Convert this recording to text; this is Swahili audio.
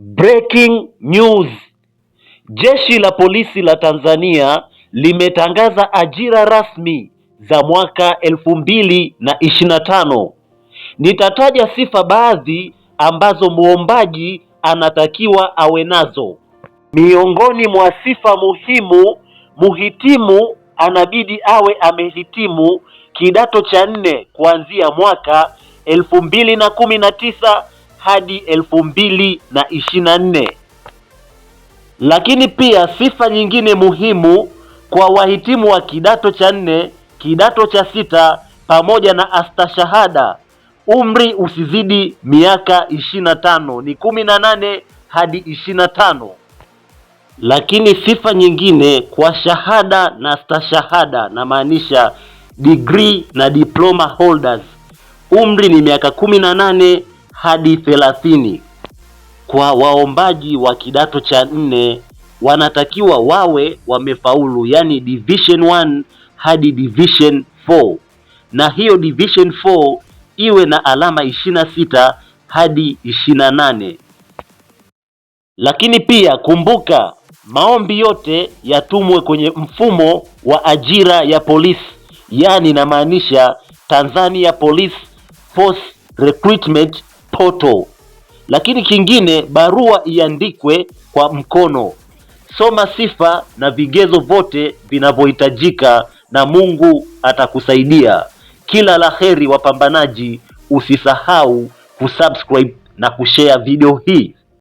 Breaking news. Jeshi la polisi la Tanzania limetangaza ajira rasmi za mwaka elfu mbili na na tano. Nitataja sifa baadhi ambazo muombaji anatakiwa awe nazo. Miongoni mwa sifa muhimu, muhitimu anabidi awe amehitimu kidato cha nne kuanzia mwaka elfu mbili na kumi na tisa hadi elfu mbili na ishirini na nne. Lakini pia sifa nyingine muhimu kwa wahitimu wa kidato cha nne, kidato cha sita pamoja na astashahada, umri usizidi miaka ishirini na tano ni kumi na nane hadi ishirini na tano. Lakini sifa nyingine kwa shahada na astashahada, maanisha degree na diploma holders, umri ni miaka kumi na nane hadi 30 kwa waombaji wa kidato cha nne wanatakiwa wawe wamefaulu, yani division 1 hadi division 4, na hiyo division 4 iwe na alama 26 hadi 28. Lakini pia kumbuka, maombi yote yatumwe kwenye mfumo wa ajira ya polisi, yani inamaanisha Tanzania Police Force Recruitment mtoto. Lakini kingine, barua iandikwe kwa mkono. Soma sifa na vigezo vyote vinavyohitajika, na Mungu atakusaidia. Kila la heri, wapambanaji. Usisahau kusubscribe na kushare video hii.